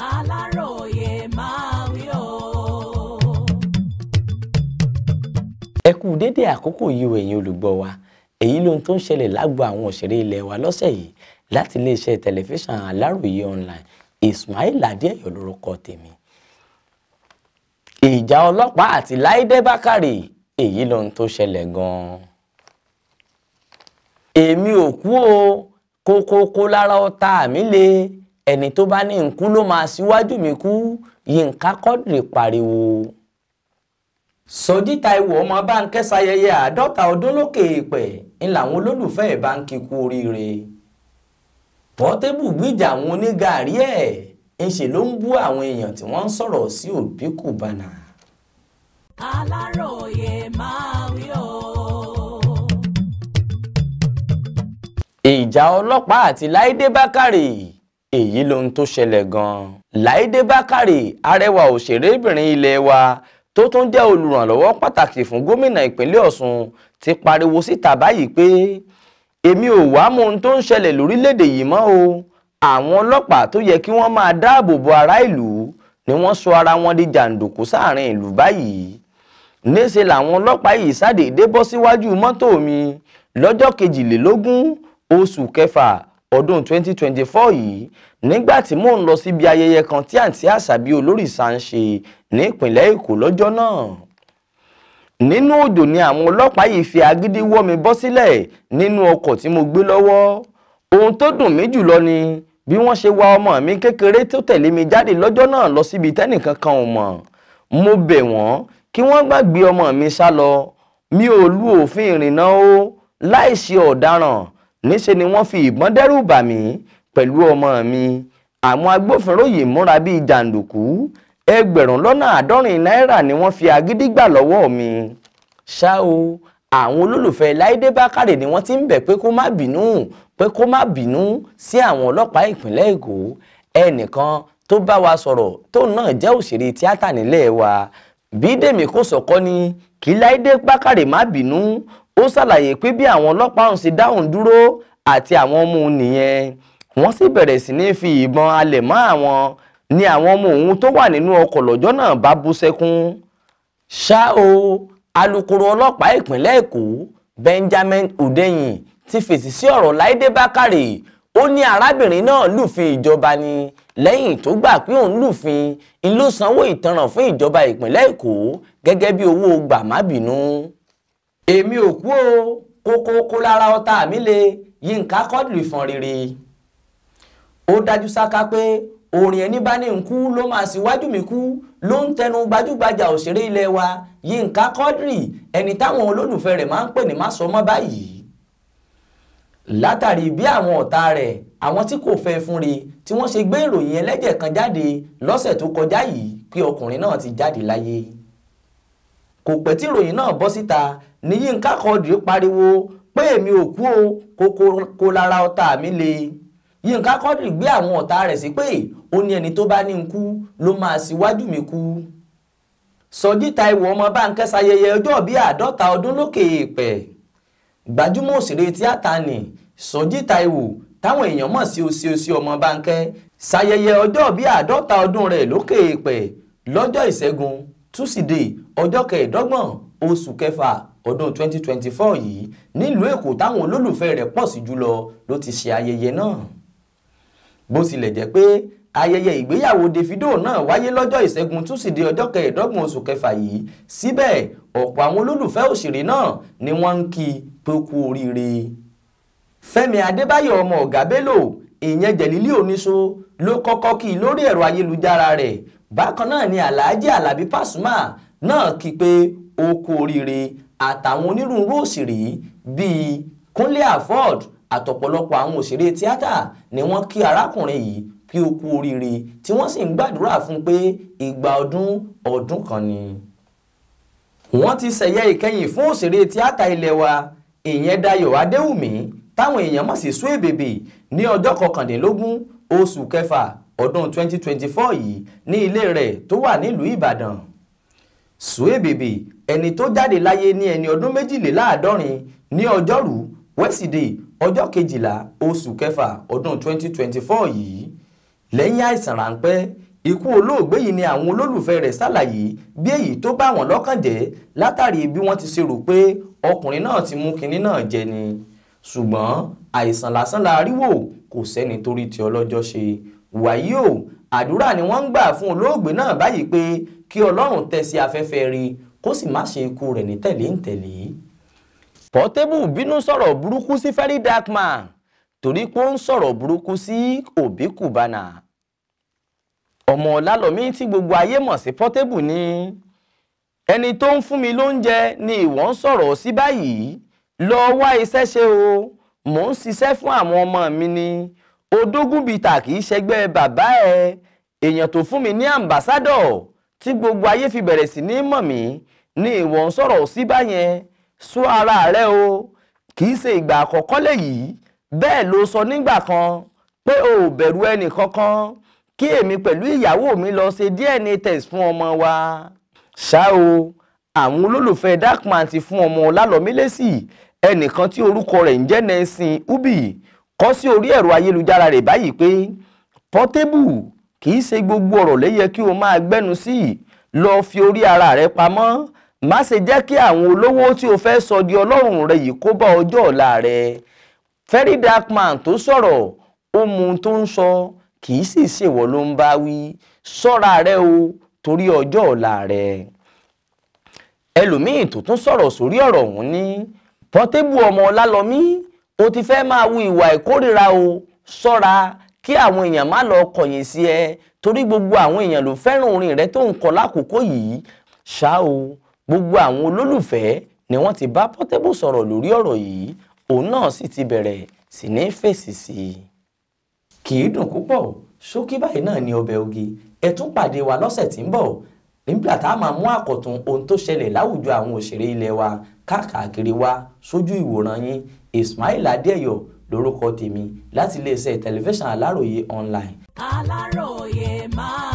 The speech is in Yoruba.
aláròye máa wí o. ẹ kú dédé àkókò yìí o ẹ̀yin olùgbọ́ wa èyí lohun tó ń ṣẹlẹ̀ lágbo àwọn òṣèré ilẹ̀ wa lọ́sẹ̀ yìí láti iléeṣẹ́ tẹlifíṣàn aláròye online ismail adéyọ lórúkọ tèmi. ìjà ọlọ́pàá àti láìdé bákàrè èyí lohun tó ṣẹlẹ̀ gan-an. èmi ò kú o kókókó lára ọ̀tá mi le ẹni tó bá ní nkú ló máa síwájú mi kú Yínká Quadri pariwo. Sọjí Táíwò ọmọ Bánkẹ́ ṣayẹyẹ àádọ́ta ọdún lókè èèpẹ̀ ń làwọn olólùfẹ́ ẹ̀ bá ń kíkú oríire. pọ́tébù gbìjà àwọn onígàárí ẹ̀ ń ṣe ló ń bú àwọn èèyàn tí wọ́n ń sọ̀rọ̀ sí òbí kùbánà. Aláròye máa wí o. ìjà ọlọ́pàá àti Láìdé Bákàrè èyí lohun tó ṣẹlẹ̀ gan-an. Láìdé Bákàrè arẹwà òṣèrébìnrin ilé wa tó tún jẹ́ olùrànlọ́wọ́ pàtàkì fún gómìnà ìpínlẹ̀ Ọ̀ṣun ti pariwo síta báyìí pé èmi ò wá mọ ohun tó ń ṣẹlẹ̀ lórílẹ̀‐èdè yìí mọ́ o àwọn ọlọ́pàá tó yẹ kí wọ́n máa dáàbò bo ará ìlú ni wọ́n sọ ara wọn di jàǹdùkú sáàrin ìlú báyìí níṣẹ́ làwọn ọlọ́pàá yìí ṣàdédé bọ́ síwájú mọ́tò mi lọ́jọ́ kejìlélógún oṣù kẹfà ọdún 2024 yìí nígbà tí mò ń lọ síbi ayẹyẹ kan tí àǹtí àṣàbí olórìṣà ń ṣe ní èkó lọ́jọ́ náà nínú òjò ni àwọn ọlọ́pàá yìí fi agídí wọ́ mi bọ́ sílẹ̀ nínú ọkọ̀ tí mo gbé lọ́wọ́ ohun tó dùn mí jùlọ ni bí wọ́n ṣe wa ọmọ mi kékeré tó tẹ̀lé mi jáde lọ́jọ́ náà lọ síbi tẹ́nìkan kan ò mọ̀ mo bẹ̀ wọ́n kí wọ́n gbàgbé ọmọ mi sá lọ mi ò lu òfin ìrìnnà o láìsí ọ̀daràn níṣe ni wọ́n fi ìbọn dẹ́rù bà mí pẹ̀lú ọmọ mi àwọn agbófinró yìí múra bíi jàǹdùkú ẹgbẹ̀rún lọ́nà àádọ́rin náírà ni wọ́n fi agídí gbà lọ́wọ́ mi ṣá o àwọn olólùfẹ́ Láìdé Bákàrè ni wọ́n ti ń bẹ̀ pé kó má bínú pé kó má bínú sí àwọn ọlọ́pàá ìpínlẹ̀ Èkó ẹnìkan tó bá wa sọ̀rọ̀ tó náà jẹ́ òṣèré tíátà nílẹ̀ wa Bídèmí Kòsọ́kọ́ ni kí Láìdé Bákàrè má bínú ó ṣàlàyé pé bí àwọn ọlọ́pàá ọ̀hún ṣe dáhùn dúró àti àwọn ọmọ òun nìyẹn wọ́n sì bẹ̀rẹ̀ sí ní fi ìbọn alẹ̀ mọ́ àwọn ni àwọn ọmọ òun tó wà nínú ọkọ̀ lọ́jọ́ náà bá bú sẹ́kún ṣá o alukoro ọlọ́pàá ìpínlẹ̀ èkó benjamin hundeyin ti fèsì sí ọ̀rọ̀ láìdé bákàrè ó ní arábìnrin náà lùfin ìjọba ni lẹ́yìn tó gbà pé òun lùfin ló sanwó ìtanràn fún ìjọba ìpínlẹ̀ èkó gẹ́gẹ́ bí owó gbàmábìínú èmi ò kú o kókó kó lára ọ̀tá mi le yínká kọ́dùlù ìfọ̀n rere ó dájú sáká pé orin ẹni bá ní nkú ló máa síwájú mi kú ló ń tẹnu gbajúgbajà òṣèré ilé wa yínká kọ́dùlù ẹni táwọn olólùfẹ́ rẹ̀ máa ń pè ní má sọ mọ́ báyìí látàrí bí àwọn ọ̀tá rẹ̀ àwọn tí kò fẹ́ fún re tí wọ́n ṣe gbé ìròyìn ẹlẹ́jẹ̀ kan jáde lọ́sẹ̀ tó kọjá yìí pé ọkùnrin náà ti jáde láyé kò pẹ́ tí ìròyìn náà bọ́ síta ní Yínká Quadri pariwo pé èmi ò kú o kókó kó lára ọ̀tá mi le Yínká Quadri gbé àwọn ọ̀tá rẹ̀ sí pé ó ní ẹni tó bá ní n kú ló máa síwájú mi kú Sọjí Táíwò ọmọ Bánkẹ́ ṣayẹyẹ ọjọ́ bíi àádọ́ta ọdún lókè èèpẹ̀ gbajúmọ̀ òṣèré tíátà ni Sọjí Táíwò táwọn èèyàn mọ̀ sí Oṣìọ́ṣì ọmọ Bánkẹ́ ṣayẹyẹ ọjọ́ bíi àádọ́ta ọdún rẹ̀ lókè èèpẹ̀ lọ́jọ́ ìṣẹ́gun túsídẹ̀ẹ́ ọjọ́ kẹẹ̀ẹ́dọ́gbọ̀n oṣù kẹfà ọdún 2024 yìí nílùú èkó táwọn olólùfẹ́ rẹ̀ pọ̀ sí jùlọ ló ti ṣe ayẹyẹ náà bó tilẹ̀ jẹ́ pé ayẹyẹ ìgbéyàwó Davido náà wáyé lọ́jọ́ ìṣẹ́gun túsìdé ọjọ́ kẹẹ̀ẹ́dọ́gbọ̀n oṣù kẹfà yìí síbẹ̀ ọ̀pọ̀ àwọn olólùfẹ́ òṣèré náà ni wọ́n ń kí pé kú oríire Fẹ́mi Adébáyọ̀ ọmọ ọ̀gá Bello ìyẹn Jẹ̀lílì Oníṣó ló kọ́kọ́ kí lórí ẹ̀rọ ayélujára rẹ̀ bákan náà ni Alhaji Alabi Pasuma náà kí pé ó kú oríire àtàwọn onírúurú òṣèré bíi Kúnlé Afọ́d àtọ̀pọ̀lọpọ̀ àwọn òṣèré tíátà ni wọ́n kí arákùnrin yìí kí ó kú oríire tí wọ́n sì ń gbàdúrà fún pé ìgbà ọdún ọdún kan ni. wọ́n ti ṣẹ̀yẹ ìkẹyìn fún òṣèré tíátà ilé wa ìyẹn Dayọ̀ Adéwùmí táwọn èèyàn mọ̀ sí Suebebe ní ọjọ́ kọkàndínlógún oṣù kẹfà ọdún 2024 yìí ní ilé rẹ̀ tó wà nílùú Ìbàdàn Suwe Bebe ẹni tó jáde láyé ní ẹni ọdún méjìléláàádọ́rin ní ọjọ́rú wẹ́sídẹ̀ẹ́ ọjọ́ kejìlá oṣù kẹfà ọdún 2024 yìí lẹ́yìn àìsàn ráńpẹ́ ikú olóògbé yìí ni àwọn olólùfẹ́ rẹ̀ ṣàlàyé bí èyí tó bá wọn lọ́kàn jẹ́ látàrí bí wọ́n ti ṣe rò pé ọkùnrin náà ti mú kinní náà jẹ ni ṣùgbọ́n àìsàn lásán la rí wò kò sẹ́ni torí ti ọlọ́jọ́ ṣe wàyí o àdúrà ni wọ́n ń gbà fún olóògbé náà báyìí pé kí ọlọ́run tẹ́ sí afẹ́fẹ́ rí kó sì má ṣe ikú rẹ̀ ní tẹ̀lé ń tẹ̀lé. Portable bínú sọ̀rọ̀ burúkú sí Very Dark Man torí pé ó ń sọ̀rọ̀ burúkú sí Obi Cubana ọmọ ọlálọ́mí tí gbogbo ayé mọ̀ sí Portable ni ẹni tó ń fún mi lóúnjẹ ni ìwọ ń sọ̀rọ̀ sí báyìí lọ wá iṣẹ́ ṣe o mò ń ṣiṣẹ́ fún àwọn ọmọ mi ni odógúnbìtà kì í ṣẹgbẹ́ bàbá ẹ èèyàn tó fún mi ní àǹbàsádọ̀ tí gbogbo ayé fi bẹ̀rẹ̀ sí ní mọ̀ mí ní ìwọ ń sọ̀rọ̀ sí báyẹn sọ ara rẹ o kì í ṣe ìgbà àkọ́kọ́ lèyìí bẹ́ẹ̀ ló sọ nígbà kan pé o ò bẹ̀rù ẹnì kankan kí èmi pẹ̀lú ìyàwó mi lọ ṣe DNA test fún ọmọ wa ṣá o àwọn olólùfẹ́ Darkman ti fún ọmọ lálọ́mílẹ́sì ẹnìkan tí orúkọ rẹ̀ ń jẹ́ Nelson Ubi kọ sí orí ẹ̀rọ ayélujára rẹ̀ báyìí pé Portable kì í ṣe gbogbo ọ̀rọ̀ ló yẹ kí o máa gbẹ́nu sí lọ fi orí ara rẹ pamọ́ má ṣe jẹ́ kí àwọn olówó tí o fẹ́ sọ di ọlọ́run rẹ yìí kó bá ọjọ́ ọ̀la rẹ Very Dark Man tó sọ̀rọ̀ ó tó ń sọ kì í sì ṣèwọ́ ló ń bá wí sọ́ra rẹ o torí ọjọ́ ọ̀la rẹ ẹlòmíì tó tún sọ̀rọ̀ sórí ọ̀rọ̀ ọ̀hún ní Portable ọmọ Ọlálọmí o ti fẹ́ máa wu ìwà ìkórìíra o sọ́ra kí àwọn èèyàn má lọ kọ̀yìn sí ẹ torí gbogbo àwọn èèyàn ló fẹ́ràn orin rẹ tó ń kọ lákòókò yìí ṣá o gbogbo àwọn olólùfẹ́ ni wọ́n ti bá Portable sọ̀rọ̀ lórí ọ̀rọ̀ yìí òun náà sì ti bẹ̀rẹ̀ sí ní fèsì sí i. kì í dùn púpọ̀ ṣókí báyìí náà ni ọbẹ̀ ogi ẹ tún pàdé wa lọ́sẹ̀ tí ń bọ̀ nígbà tá a máa mú àkọ̀tún ohun tó ṣẹlẹ̀ láwùjọ àwọn òṣèré ilẹ̀ wa káàkiri wa sójú ìwòran yín Ismail Adéyọ̀ lórúkọ tèmi láti iléeṣẹ́ tẹlifíṣàn Aláròye online. Aláròye máa.